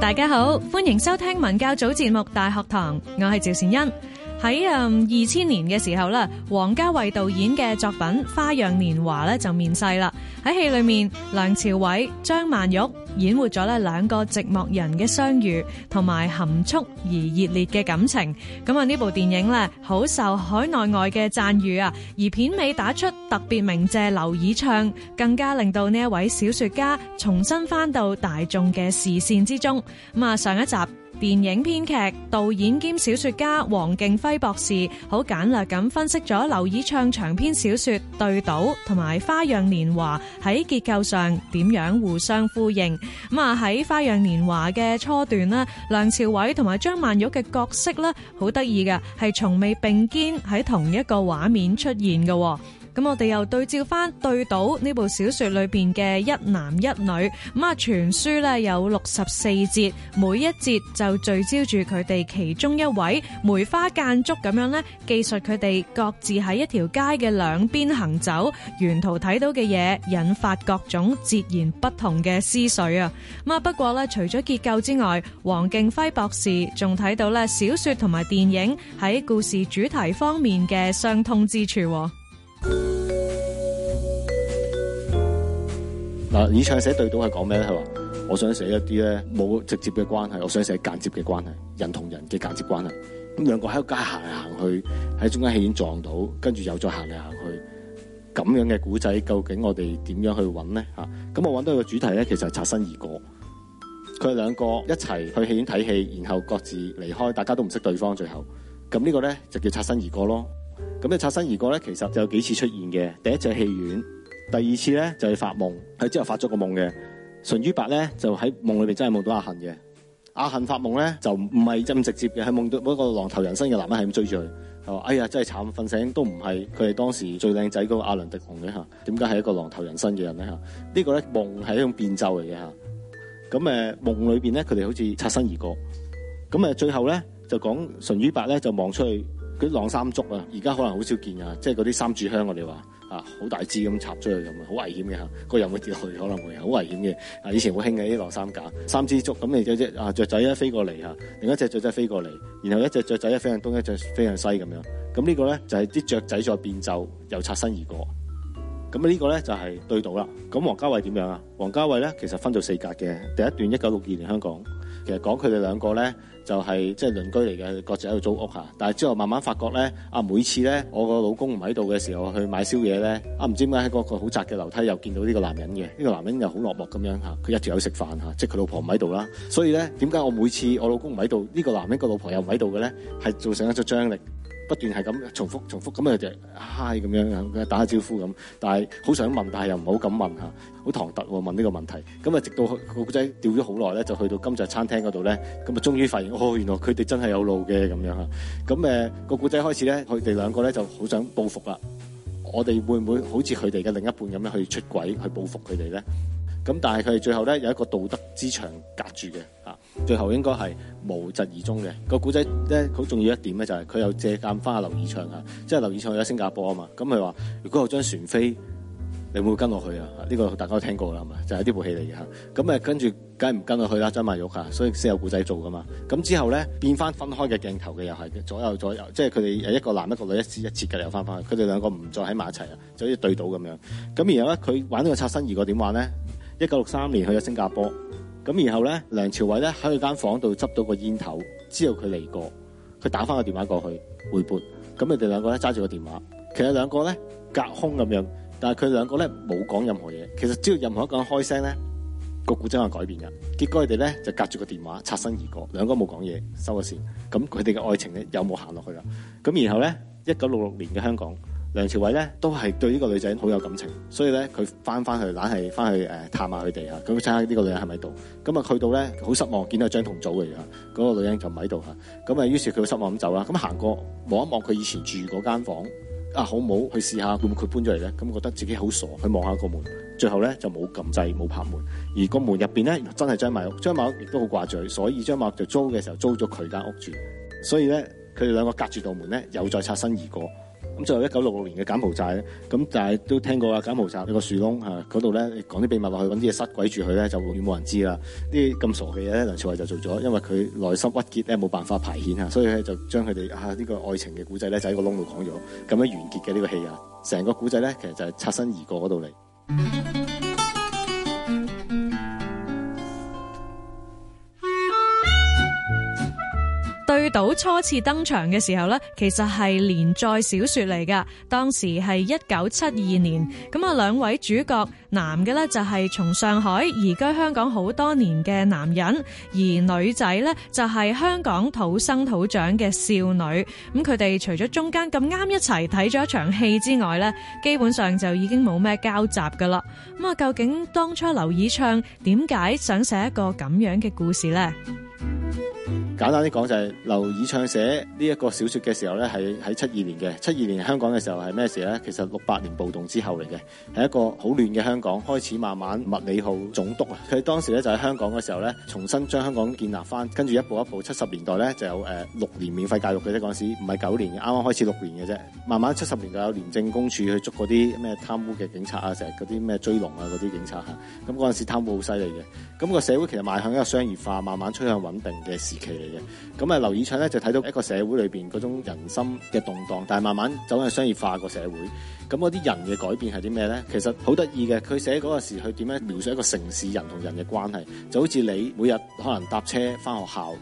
大家好，歡迎收聽文教組節目《大學堂》，我係趙善恩。喺嗯二千年嘅時候啦，王家衛導演嘅作品《花樣年華》咧就面世啦。喺戲裏面，梁朝偉、張曼玉。演活咗咧兩個寂寞人嘅相遇，同埋含蓄而熱烈嘅感情。咁啊呢部電影咧，好受海內外嘅讚譽啊。而片尾打出特別鳴謝劉以鬯，更加令到呢一位小說家重新返到大眾嘅視線之中。咁啊上一集。電影編劇、導演兼小說家黃敬輝博士，好簡略咁分析咗劉以鬯長篇小說《對倒》同埋《花樣年華》喺結構上點樣互相呼應。咁啊喺《花樣年華》嘅初段咧，梁朝偉同埋張曼玉嘅角色咧，好得意嘅，係從未並肩喺同一個畫面出現嘅。咁我哋又對照翻對倒呢部小說裏邊嘅一男一女，咁啊全書咧有六十四節，每一節就聚焦住佢哋其中一位梅花間竹咁樣咧記述佢哋各自喺一條街嘅兩邊行走，沿途睇到嘅嘢，引發各種截然不同嘅思緒啊。咁啊，不過咧除咗結構之外，黃敬輝博士仲睇到咧小說同埋電影喺故事主題方面嘅相通之處。嗱，以鬯寫對倒係講咩咧？佢話我想寫一啲咧冇直接嘅關係，我想寫間接嘅關係，人同人嘅間接關係。咁兩個喺街行嚟行去，喺中間戲院撞到，跟住又再行嚟行去，咁樣嘅古仔究竟我哋點樣去揾咧？吓，咁我揾到一個主題咧，其實係擦身而過。佢哋兩個一齊去戲院睇戲，然後各自離開，大家都唔識對方，最後咁呢個咧就叫擦身而過咯。咁咧擦身而過咧，其實就有幾次出現嘅。第一次係戲院，第二次咧就係、是、發夢，喺之後發咗個夢嘅。淳于白咧就喺夢裏面真係夢到阿杏嘅。阿杏發夢咧就唔係咁直接嘅，係夢到嗰個狼頭人身嘅男人係咁追住佢，係話：哎呀，真係慘！瞓醒都唔係佢當時最靚仔嗰個阿倫迪雄嘅嚇，點解係一個狼頭人身嘅人咧嚇？這個、呢個咧夢係一種變奏嚟嘅嚇。咁誒夢裏邊咧，佢哋好似擦身而過。咁誒最後咧就講淳于白咧就望出去。嗰啲晾衫竹啊，而家可能好少見是那些啊，即係嗰啲三炷香我哋話啊，好大支咁插出去咁好危險嘅嚇，個、啊、人會跌落去可能會好危險嘅。啊，以前好興嘅啲晾衫架三支竹，咁你只隻啊雀仔一飛過嚟嚇，另一隻雀仔飛過嚟，然後一隻雀仔一飛向東，一隻飛向西咁樣。咁呢個咧就係、是、啲雀仔再變奏，又擦身而過。咁呢個咧就係、是、對倒啦。咁王家衞點樣啊？王家衞咧其實分做四格嘅，第一段一九六二年香港，其實講佢哋兩個咧。就係即係鄰居嚟嘅，各自喺度租屋嚇。但係之後慢慢發覺咧，啊，每次咧我個老公唔喺度嘅時候去買宵夜咧，啊，唔知點解喺嗰個好窄嘅樓梯又見到呢個男人嘅，呢個男人又好落寞咁樣嚇，佢一條友食飯嚇，即係佢老婆唔喺度啦。所以咧，點解我每次我老公唔喺度，呢個男人個老婆又唔喺度嘅咧，係造成一組張力。不斷係咁重複，重複，咁啊就嗨咁樣樣打下招呼咁。但係好想問，但係又唔好咁問，好唐突喎、啊、問呢個問題。咁啊，直到個古仔吊咗好耐咧，就去到金澤餐廳嗰度咧，咁啊，終於發現哦，原來佢哋真係有路嘅咁樣嚇。咁誒個古仔開始咧，佢哋兩個咧就好想報復啦。我哋會唔會好似佢哋嘅另一半咁樣去出軌去報復佢哋咧？咁但係佢哋最後咧有一個道德之場隔住嘅最後應該係無疾而終嘅個古仔咧，好重要一點咧，就係佢有借鑑翻阿劉以鬯啊，即係劉以鬯去咗新加坡啊嘛。咁佢話：如果我將船飛，你會唔會跟我去啊？呢個大家都聽過啦，係咪？就係呢部戲嚟嘅嚇。咁啊，跟住梗係唔跟佢去啦，張曼玉嚇。所以先有古仔做噶嘛。咁之後咧變翻分開嘅鏡頭嘅又係左右左右，即係佢哋一個男一個女一一切嘅又翻返去。佢哋兩個唔再喺埋一齊啦，就對一對倒咁樣。咁然後咧，佢玩，玩呢個擦身而過點玩咧？一九六三年去咗新加坡。咁然後咧，梁朝偉咧喺佢間房度執到個煙頭，知道佢嚟過，佢打返個電話過去回撥。咁佢哋兩個咧揸住個電話，其實兩個咧隔空咁樣，但係佢兩個咧冇講任何嘢。其實只要任何一個人開聲咧，個古仔係改變嘅。結果佢哋咧就隔住個電話擦身而過，兩個冇講嘢，收咗線。咁佢哋嘅愛情咧有冇行落去啦？咁然後咧，一九六六年嘅香港。梁朝偉咧都係對呢個女仔好有感情，所以咧佢返返去，懶係返去誒、呃、探下佢哋嚇，咁睇下呢個女人係咪喺度？咁啊去到咧好失望，見到張同組嚟嘅，嗰、那個女人就唔喺度嚇。咁啊於是佢好失望咁走啦。咁行過望一望佢以前住嗰間房，啊好唔好去試下會唔會佢搬咗嚟咧？咁覺得自己好傻，去望下個門，最後咧就冇撳掣，冇拍門。而個門入邊咧真係張曼玉。張曼玉亦都好掛住佢，所以張曼玉就租嘅時候租咗佢間屋住。所以咧佢哋兩個隔住道門咧又再擦身而過。咁最後一九六六年嘅柬埔寨，咁但係都聽過啊！柬埔寨呢個樹窿嗰度咧講啲秘密落去，揾啲嘢塞鬼住佢咧，就完全冇人知啦！啲咁傻嘅嘢，梁朝偉就做咗，因為佢內心鬱結咧，冇辦法排遣啊，所以咧就將佢哋啊呢個愛情嘅古仔咧，就喺個窿度講咗，咁樣完結嘅呢個戲啊，成個古仔咧，其實就係擦身而過嗰度嚟。倒初次登場嘅時候呢，其實係連載小說嚟噶。當時係一九七二年，咁啊兩位主角，男嘅呢就係從上海移居香港好多年嘅男人，而女仔呢就係香港土生土長嘅少女。咁佢哋除咗中間咁啱一齊睇咗一場戲之外呢，基本上就已經冇咩交集噶啦。咁啊，究竟當初劉以鬯點解想寫一個咁樣嘅故事呢？簡單啲講就係、是、劉以鬯寫呢一個小說嘅時候咧，係喺七二年嘅。七二年香港嘅時候係咩事咧？其實六八年暴動之後嚟嘅，係一個好亂嘅香港。開始慢慢物理浩總督啊，佢當時咧就喺香港嘅時候咧，重新將香港建立翻，跟住一步一步七十年代咧就有誒六、呃、年免費教育嘅啫。嗰時唔係九年嘅，啱啱開始六年嘅啫。慢慢七十年代有廉政公署去捉嗰啲咩貪污嘅警察啊，成日嗰啲咩追龍啊嗰啲警察吓。咁嗰陣時貪污好犀利嘅。咁、那個社會其實邁向一個商業化，慢慢趨向。穩定嘅時期嚟嘅，咁啊劉以鬯咧就睇到一個社會裏邊嗰種人心嘅動蕩，但係慢慢走向商業化個社會，咁嗰啲人嘅改變係啲咩咧？其實好得意嘅，佢寫嗰個時佢點樣描述一個城市人同人嘅關係，就好似你每日可能搭車返學校，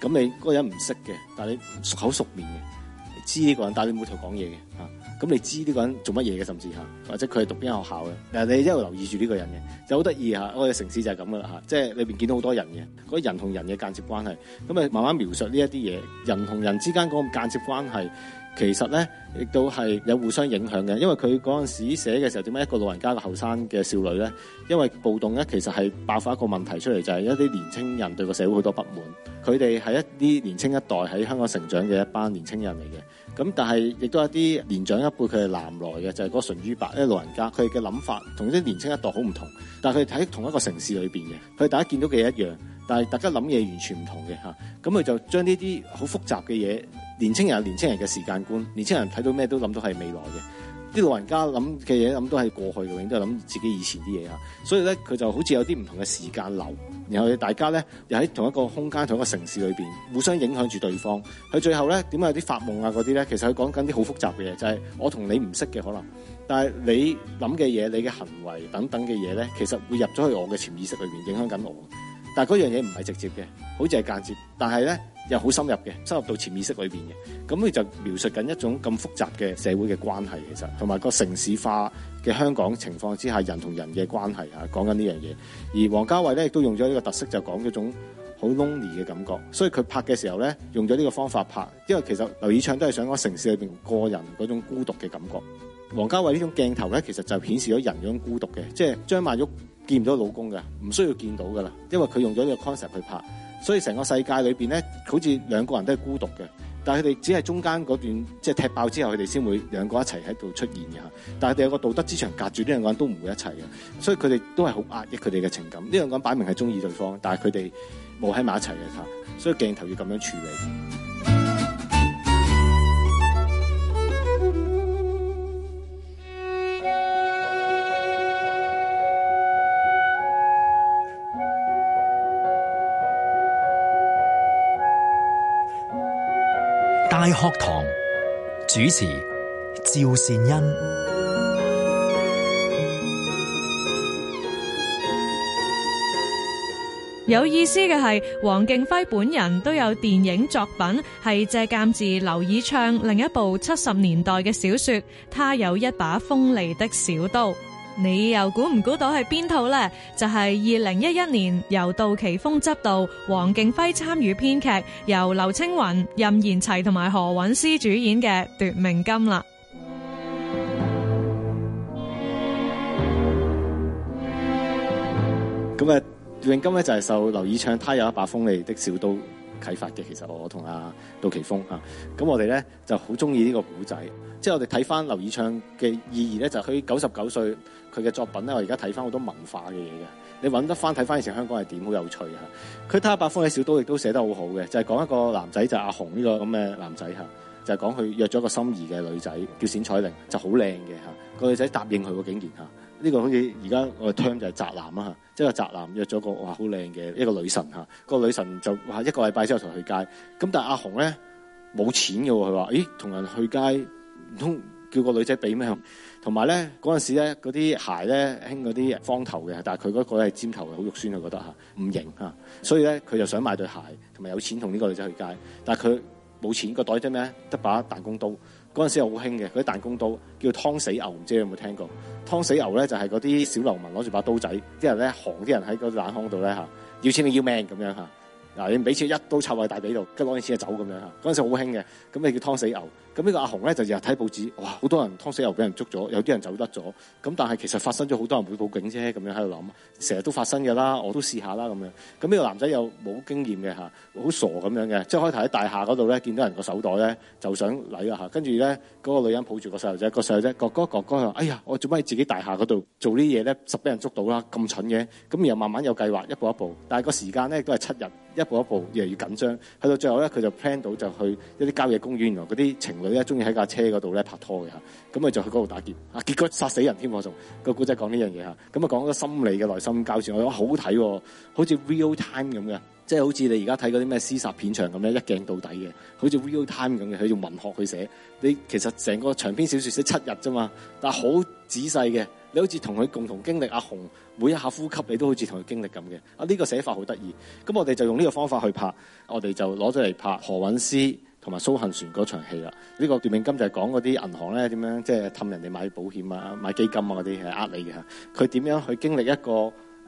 咁你嗰個人唔識嘅，但係你熟口熟面嘅，你知呢個人，但你冇同講嘢嘅嚇咁你知呢個人做乜嘢嘅，甚至下，或者佢係讀邊間學校嘅？但係，你一路留意住呢個人嘅，就好得意下。我哋城市就係咁噶啦吓，即係裏面見到好多人嘅，嗰人同人嘅間接關係，咁啊慢慢描述呢一啲嘢，人同人之間嗰個間接關係。其實咧，亦都係有互相影響嘅，因為佢嗰陣時寫嘅時候，點解一個老人家嘅後生嘅少女咧？因為暴動咧，其實係爆發一個問題出嚟，就係、是、一啲年青人對個社會好多不滿。佢哋係一啲年青一代喺香港成長嘅一班年青人嚟嘅。咁但係亦都有一啲年長一輩，佢係南來嘅，就係嗰淳于白一老人家，佢嘅諗法同啲年青一代好唔同。但係佢哋喺同一個城市裏面嘅，佢哋大家見到嘅一樣，但係大家諗嘢完全唔同嘅嚇。咁佢就將呢啲好複雜嘅嘢。年青人有年青人嘅時間觀，年青人睇到咩都諗到係未來嘅，啲老人家諗嘅嘢諗到係過去嘅，永遠都係諗自己以前啲嘢嚇。所以咧，佢就好似有啲唔同嘅時間流，然後大家咧又喺同一個空間同一個城市裏邊互相影響住對方。佢最後咧點解有啲發夢啊嗰啲咧？其實佢講緊啲好複雜嘅嘢，就係、是、我同你唔識嘅可能，但係你諗嘅嘢、你嘅行為等等嘅嘢咧，其實會入咗去我嘅潛意識裏面，影響緊我。但嗰樣嘢唔係直接嘅，好似係間接，但係咧又好深入嘅，深入到潛意識裏面嘅。咁佢就描述緊一種咁複雜嘅社會嘅關係其實，同埋個城市化嘅香港情況之下人同人嘅關係嚇，講緊呢樣嘢。而王家衛咧亦都用咗呢個特色，就講嗰種好 lonely 嘅感覺。所以佢拍嘅時候咧，用咗呢個方法拍，因為其實劉以鬯都係想講城市裏面個人嗰種孤獨嘅感覺。王家衛呢種鏡頭咧，其實就顯示咗人嗰種孤獨嘅，即係張曼玉。見唔到老公㗎，唔需要見到㗎啦，因為佢用咗呢個 concept 去拍，所以成個世界裏面咧，好似兩個人都係孤獨嘅。但係佢哋只係中間嗰段即係踢爆之後，佢哋先會兩個一齊喺度出現嘅嚇。但係有個道德之場隔住呢兩個人，都唔會一齊嘅，所以佢哋都係好壓抑佢哋嘅情感。呢、這、兩個人擺明係中意對方，但係佢哋冇喺埋一齊嘅，所以鏡頭要咁樣處理。大學堂主持趙善恩，有意思嘅係，黃敬輝本人都有電影作品，係借鑒自劉以鬯另一部七十年代嘅小說《他有一把鋒利的小刀》。你又估唔估到係邊套咧？就係二零一一年由杜琪峰執導、黃敬輝參與編劇、由劉青雲、任賢齊同埋何韻詩主演嘅《奪命金》啦。咁啊，《奪命金》咧就係、是、受劉以鬯他有一把鋒利的小刀啟發嘅。其實我同阿杜琪峰啊，咁我哋咧就好中意呢個古仔。即係我哋睇翻劉以鬯嘅意義咧，就係佢九十九歲佢嘅作品咧。我而家睇翻好多文化嘅嘢嘅，你揾得翻睇翻以前香港係點，好有趣啊！佢睇下白風喺小刀亦都寫得很好好嘅，就係、係、講一個男仔就係、阿紅呢個咁嘅男仔嚇，就係講佢約咗個心儀嘅女仔叫冼彩玲，就好靚嘅嚇，個女仔答應佢喎，竟然嚇呢、這個好似而家我嘅 term，就係宅男啊嚇，即係個宅男約咗個哇好靚嘅一個女神嚇，嗰個女神就話一個禮拜之後同佢去街咁，但係阿紅咧冇錢嘅喎，佢話咦同人去街。唔通叫個女仔俾咩？同埋咧嗰陣時咧嗰啲鞋咧興嗰啲方頭嘅，但係佢嗰個係尖頭嘅，好肉酸啊覺得嚇，唔型啊，所以咧佢就想買對鞋，同埋有錢同呢個女仔去街，但係佢冇錢，個袋得咩？得把彈弓刀。嗰陣時係好興嘅，嗰啲彈弓刀叫劏死牛，唔知你有冇聽過？劏死牛咧就係嗰啲小流氓攞住把刀仔，啲人咧行，啲人喺個冷巷度咧嚇，要錢定要命咁樣嚇。嗱，你俾錢一刀插埋大髀度，跟住攞啲錢就走咁樣嚇。嗰陣時好興嘅，咁你叫劏死牛。咁呢個阿雄咧就日日睇報紙，哇！好多人劏死又俾人捉咗，有啲人走甩咗。咁但係其實發生咗好多人會報警啫，咁樣喺度諗，成日都發生㗎啦，我都試下啦咁樣。咁呢個男仔又冇經驗嘅嚇，好傻咁樣嘅，即係開頭喺大廈嗰度咧見到人個手袋咧就想攬啊嚇，跟住咧個女人抱住個細路仔，個細路仔哥哥哥哥話：，哎呀，我做乜喺自己大廈嗰度做啲嘢咧，實俾人捉到啦，咁蠢嘅。咁然後慢慢有計劃，一步一步，但係個時間咧都係七日，一步一步越嚟越緊張。去到最後咧，佢就 plan 到就去一啲郊野公園，原來嗰啲情，咧中意喺架車嗰度咧拍拖嘅吓，咁啊就去嗰度打劫，啊結果殺死人添，我仲個古仔講呢樣嘢吓，咁啊講咗心理嘅內心交戰，我話好睇喎、哦，好似 real time 咁嘅，即係好似你而家睇嗰啲咩屍殺片場咁咧，一鏡到底嘅，好似 real time 咁嘅，佢用文學去寫，你其實成個長篇小說寫七日啫嘛，但係好仔細嘅，你好似同佢共同經歷，阿紅每一下呼吸你都好似同佢經歷咁嘅，啊、這、呢個寫法好得意，咁我哋就用呢個方法去拍，我哋就攞咗嚟拍何韻詩。同埋蘇杏璇嗰場戲啦，呢、這個段永金就係講嗰啲銀行咧點樣即係氹人哋買保險啊、買基金啊嗰啲係呃你嘅。佢點樣去經歷一個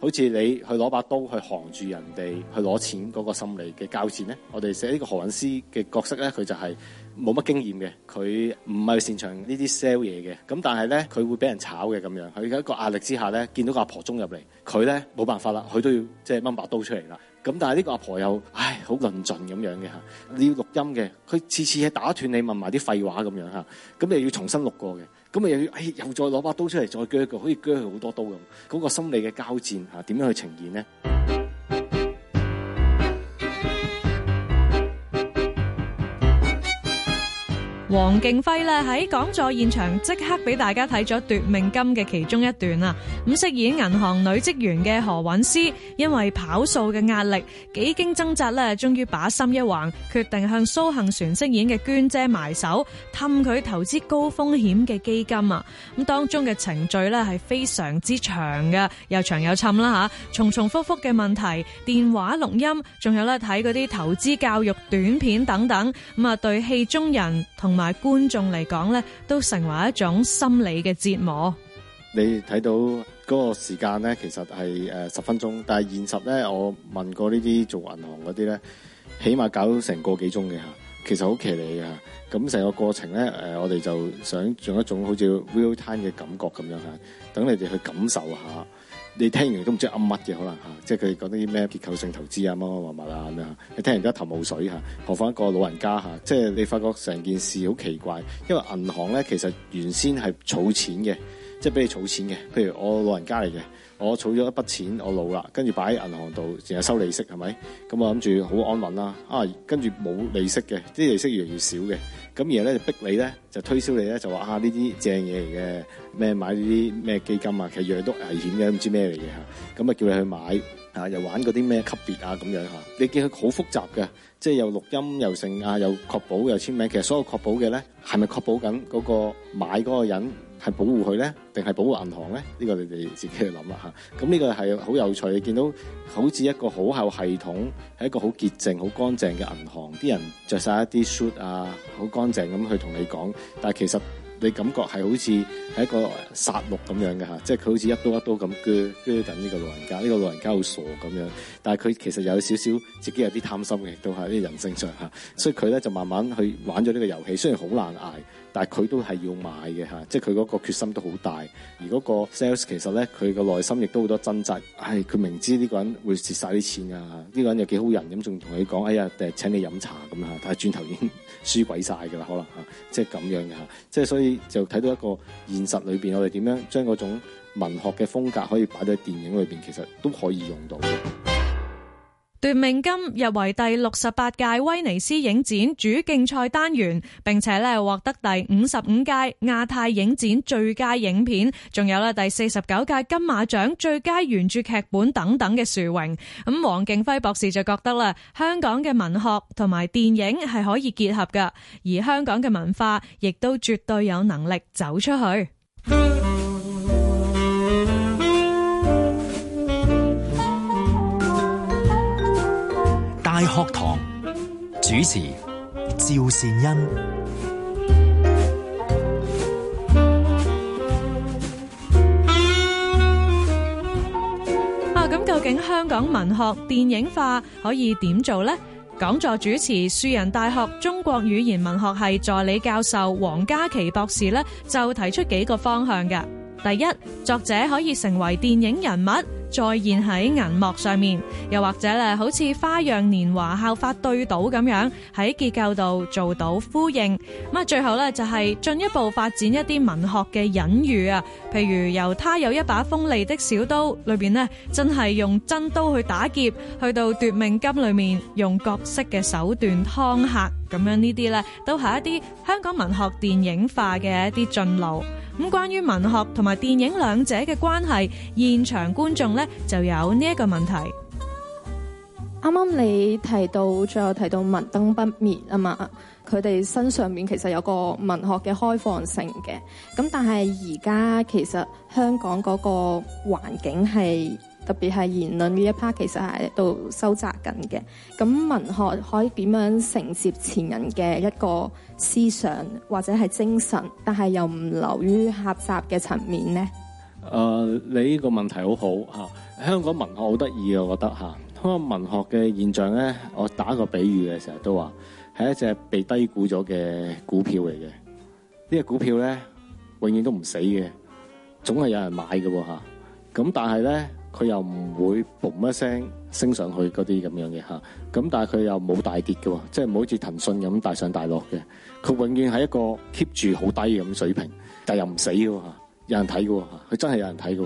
好似你去攞把刀去扛住人哋去攞錢嗰個心理嘅交戰咧？我哋寫呢個何韻詩嘅角色咧，佢就係、是。冇乜經驗嘅，佢唔係擅長呢啲 sell 嘢嘅，咁但係咧佢會俾人炒嘅咁樣，佢喺一個壓力之下咧，見到個阿婆衝入嚟，佢咧冇辦法啦，佢都要即係掹把刀出嚟啦。咁但係呢個阿婆又唉好論盡咁樣嘅嚇你要錄音嘅，佢次次係打斷你問埋啲廢話咁樣嚇，咁你要重新錄過嘅，咁又要唉、哎、又再攞把刀出嚟再鋸一個可以鋸佢好多刀咁，嗰、那個心理嘅交戰嚇點樣,樣去呈現咧？王敬輝咧喺講座現場即刻俾大家睇咗奪命金嘅其中一段啊！咁飾演銀行女職員嘅何韻詩，因為跑數嘅壓力，幾經掙扎咧，終於把心一橫，決定向蘇幸璇飾演嘅娟姐埋手，氹佢投資高風險嘅基金啊！咁當中嘅程序呢係非常之長嘅，又長又沉，啦吓，重重複複嘅問題，電話錄音，仲有咧睇嗰啲投資教育短片等等，咁啊對戲中人同同埋觀眾嚟講咧，都成為一種心理嘅折磨。你睇到嗰個時間咧，其實係誒十分鐘，但係現實咧，我問過呢啲做銀行嗰啲咧，起碼搞成個幾鐘嘅吓，其實好騎呢吓。咁成個過程咧，誒，我哋就想用一種好似 real time 嘅感覺咁樣吓，等你哋去感受下。你聽完都唔知噏乜嘅可能嚇、啊，即係佢哋講啲咩結構性投資啊、乜乜乜乜啊咁樣，你聽完都一頭霧水嚇、啊。何況一個老人家嚇、啊，即係你發覺成件事好奇怪，因為銀行咧其實原先係儲錢嘅。即係俾你儲錢嘅，譬如我老人家嚟嘅，我儲咗一筆錢，我老啦，跟住擺喺銀行度，淨係收利息係咪？咁我諗住好安穩啦。啊，跟住冇利息嘅，啲利息越嚟越少嘅。咁然後咧就逼你咧就推銷你咧就話啊，呢啲正嘢嚟嘅咩，買呢啲咩基金啊，其實樣都危險嘅，唔知咩嚟嘅嚇。咁啊叫你去買嚇，又玩嗰啲咩級別啊咁樣嚇。你見佢好複雜嘅，即係又錄音又成啊，又確保又簽名。其實所有確保嘅咧係咪確保緊、那、嗰個買嗰個人？係保護佢咧，定係保護銀行咧？呢、這個你哋自己去諗啦。咁呢個係好有趣，見到好似一個好厚系統，係一個好潔淨、好乾淨嘅銀行。啲人着晒一啲 s h o o t 啊，好乾淨咁去同你講，但係其實你感覺係好似係一個殺戮咁樣嘅，即係佢好似一刀一刀咁鋸鋸緊呢個老人家。呢、這個老人家好傻咁樣，但係佢其實有少少自己有啲貪心嘅，都係啲人性上，所以佢咧就慢慢去玩咗呢個遊戲，雖然好難捱。但係佢都係要買嘅嚇，即係佢嗰個決心都好大。而嗰個 sales 其實咧，佢個內心亦都好多掙扎。係佢明知呢個人會蝕晒啲錢啊，呢個人又幾好人，咁仲同佢講：哎呀，誒請你飲茶咁啊！但係轉頭已經輸鬼晒㗎啦，可能嚇，即係咁樣嘅嚇。即係所以就睇到一個現實裏邊，我哋點樣將嗰種文學嘅風格可以擺到喺電影裏邊，其實都可以用到。奪命金入圍第六十八屆威尼斯影展主競賽單元，並且咧獲得第五十五屆亞太影展最佳影片，仲有咧第四十九屆金馬獎最佳原著劇本等等嘅殊榮。咁，黃敬輝博士就覺得啦，香港嘅文學同埋電影係可以結合噶，而香港嘅文化亦都絕對有能力走出去。學堂主持趙善恩啊，咁、嗯、究竟，香港文學電影化可以點做呢？講座主持樹人大學中國語言文學系助理教授黃嘉琪博士呢，就提出幾個方向嘅。第一，作者可以成為電影人物。再現喺銀幕上面，又或者咧，好似《花樣年華》效法對倒咁樣喺結構度做到呼應。咁啊，最後咧就係進一步發展一啲文學嘅隱喻啊，譬如由他有一把鋒利的小刀裏邊呢真係用真刀去打劫，去到奪命金裏面用各式嘅手段湯吓。咁樣呢啲呢，都係一啲香港文學電影化嘅一啲進路。咁關於文學同埋電影兩者嘅關係，現場觀眾呢就有呢一個問題。啱啱你提到，最後提到《文燈不滅》啊嘛，佢哋身上面其實有個文學嘅開放性嘅。咁但係而家其實香港嗰個環境係。特別係言論呢一 part 其實係喺度收窄緊嘅。咁文學可以點樣承接前人嘅一個思想或者係精神，但係又唔流於狹窄嘅層面咧？誒、呃，你呢個問題好好嚇、啊。香港文學好得意，啊。我覺得嚇。咁啊，文學嘅現象咧，我打個比喻嘅時候都話係一隻被低估咗嘅股票嚟嘅。呢、這個股票咧，永遠都唔死嘅，總係有人買嘅喎嚇。咁、啊、但係咧？佢又唔會嘣一聲升上去嗰啲咁樣嘅嚇，咁但係佢又冇大跌嘅，即係冇好似騰訊咁大上大落嘅。佢永遠係一個 keep 住好低咁水平，但係又唔死㗎嚇，有人睇㗎喎，佢真係有人睇喎，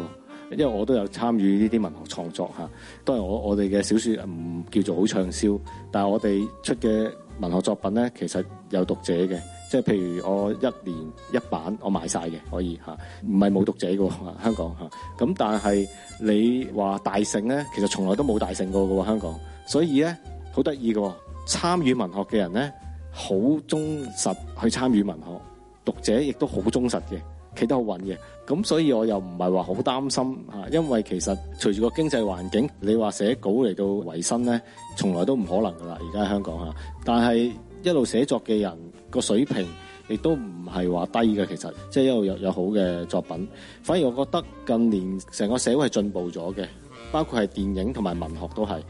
因為我都有參與呢啲文學創作嚇，當然我我哋嘅小說唔叫做好暢銷，但係我哋出嘅文學作品咧，其實有讀者嘅。即係譬如我一年一版，我買晒嘅可以嚇，唔係冇讀者嘅喎香港嚇。咁但係你話大成咧，其實從來都冇大成過嘅喎香港。所以咧好得意嘅，參與文學嘅人咧好忠實去參與文學，讀者亦都好忠實嘅，企得好穩嘅。咁所以我又唔係話好擔心嚇，因為其實隨住個經濟環境，你話寫稿嚟到維生咧，從來都唔可能㗎啦。而家香港嚇，但係。一路寫作嘅人個水平亦都唔係話低嘅，其實即係一路有有好嘅作品。反而我覺得近年成個社會係進步咗嘅，包括係電影同埋文學都係。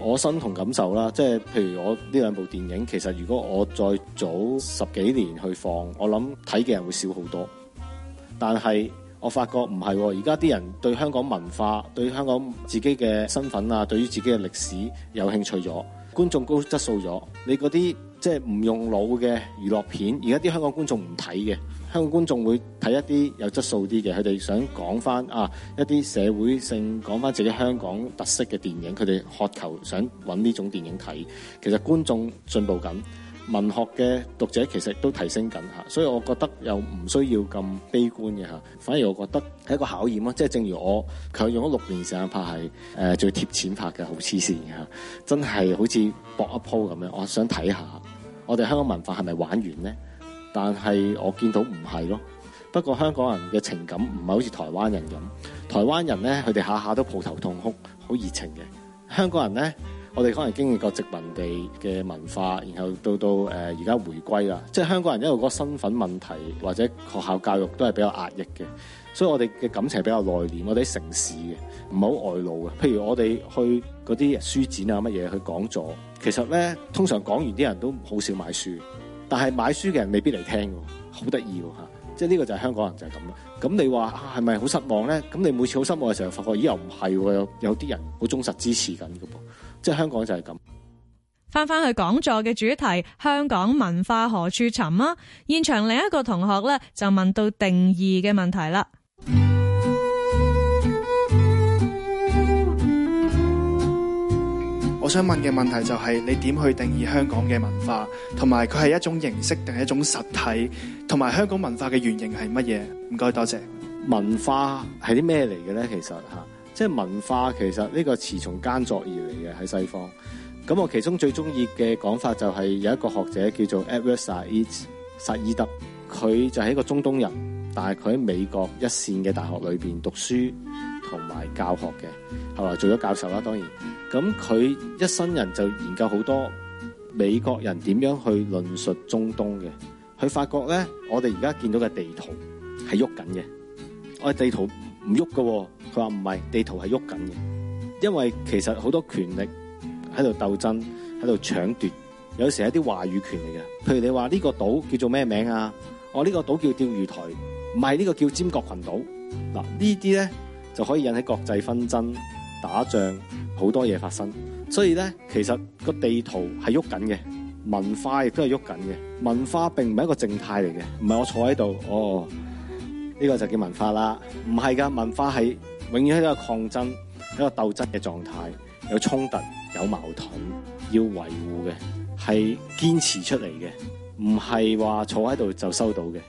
我身同感受啦，即係譬如我呢兩部電影，其實如果我再早十幾年去放，我諗睇嘅人會少好多。但係我發覺唔係，而家啲人對香港文化、對香港自己嘅身份啊，對於自己嘅歷史有興趣咗。觀眾高質素咗，你嗰啲即係唔用腦嘅娛樂片，而家啲香港觀眾唔睇嘅，香港觀眾會睇一啲有質素啲嘅，佢哋想講翻啊一啲社會性，講翻自己香港特色嘅電影，佢哋渴求想搵呢種電影睇，其實觀眾進步緊。文學嘅讀者其實都提升緊，所以我覺得又唔需要咁悲觀嘅，反而我覺得係一個考驗咯。即係正如我強用咗六年時間拍係誒最貼錢拍嘅，好黐線嘅嚇真係好似搏一鋪咁樣。我想睇下我哋香港文化係咪玩完呢？但係我見到唔係咯。不過香港人嘅情感唔係好似台灣人咁，台灣人咧，佢哋下下都抱頭痛哭，好熱情嘅香港人咧。我哋可能經歷過殖民地嘅文化，然後到到誒而家回歸啦。即係香港人因為嗰個身份問題或者學校教育都係比較壓抑嘅，所以我哋嘅感情係比較內斂。我哋喺城市嘅，唔係好外露嘅。譬如我哋去嗰啲書展啊，乜嘢去講座，其實咧通常講完啲人都好少買書，但係買書嘅人未必嚟聽喎，好得意喎，即係呢個就係香港人就係咁啦。咁你話係咪好失望咧？咁你每次好失望嘅時候，發覺咦又唔係喎，有有啲人好忠實支持緊嘅噃。即係香港就係咁，翻翻去講座嘅主題《香港文化何處尋》啊，現場另一個同學咧就問到定義嘅問題啦。我想問嘅問題就係、是、你點去定義香港嘅文化，同埋佢係一種形式定係一種實體，同埋香港文化嘅原型係乜嘢？唔該，多謝。文化係啲咩嚟嘅咧？其實吓。即係文化，其實呢個詞從耕作而嚟嘅，喺西方。咁我其中最中意嘅講法就係有一個學者叫做 Edward Said 薩爾特，佢就係一個中東人，但係佢喺美國一線嘅大學裏邊讀書同埋教學嘅，後來做咗教授啦。當然，咁佢一生人就研究好多美國人點樣去論述中東嘅。佢發覺咧，我哋而家見到嘅地圖係喐緊嘅，我哋地圖。唔喐嘅，佢話唔係，地圖係喐緊嘅，因為其實好多權力喺度鬥爭，喺度搶奪，有時係一啲話語權嚟嘅，譬如你話呢個島叫做咩名啊？我，哦，呢個島叫釣魚台，唔係呢個叫尖閣群島，嗱呢啲咧就可以引起國際紛爭、打仗，好多嘢發生。所以咧，其實個地圖係喐緊嘅，文化亦都係喐緊嘅，文化並唔係一個靜態嚟嘅，唔係我坐喺度哦。呢、這個就叫文化啦，唔係噶，文化係永遠喺度抗爭，一個鬥爭嘅狀態，有衝突、有矛盾，要維護嘅係堅持出嚟嘅，唔係話坐喺度就收到嘅。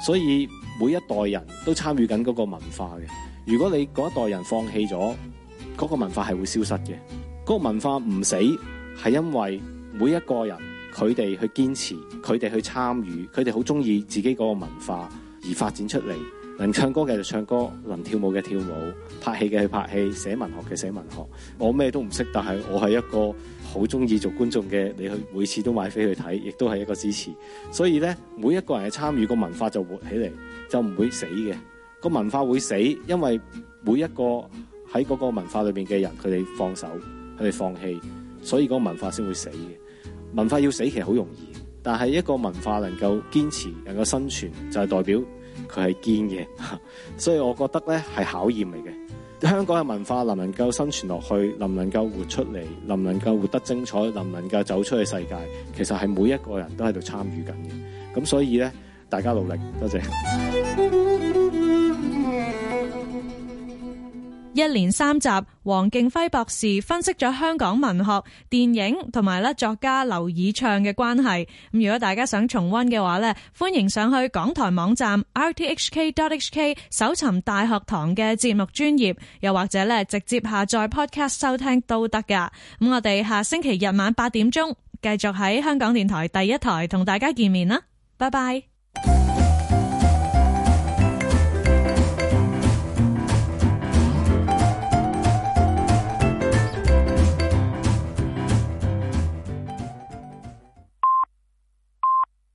所以每一代人都參與緊嗰個文化嘅。如果你嗰一代人放棄咗，嗰個文化係會消失嘅。嗰、那個文化唔死係因為每一個人佢哋去堅持，佢哋去參與，佢哋好中意自己嗰個文化而發展出嚟。能唱歌嘅就唱歌，能跳舞嘅跳舞，拍戲嘅去拍戲，寫文學嘅寫文學。我咩都唔識，但係我係一個好中意做觀眾嘅。你去每次都買飛去睇，亦都係一個支持。所以咧，每一個人參與，個文化就活起嚟，就唔會死嘅。個文化會死，因為每一個喺嗰個文化裏邊嘅人，佢哋放手，佢哋放棄，所以個文化先會死嘅。文化要死其實好容易，但係一個文化能夠堅持、能夠生存，就係代表。佢係堅嘅，所以我覺得咧，係考驗嚟嘅。香港嘅文化能唔能夠生存落去，能唔能夠活出嚟，能唔能夠活得精彩，能唔能夠走出去世界，其實係每一個人都喺度參與緊嘅。咁所以咧，大家努力，多謝。一連三集，黃敬輝博士分析咗香港文學、電影同埋咧作家劉以鬯嘅關係。咁如果大家想重溫嘅話咧，歡迎上去港台網站 rthk.hk 搜尋大學堂嘅節目專頁，又或者咧直接下載 podcast 收聽都得㗎。咁我哋下星期日晚八點鐘繼續喺香港電台第一台同大家見面啦，拜拜。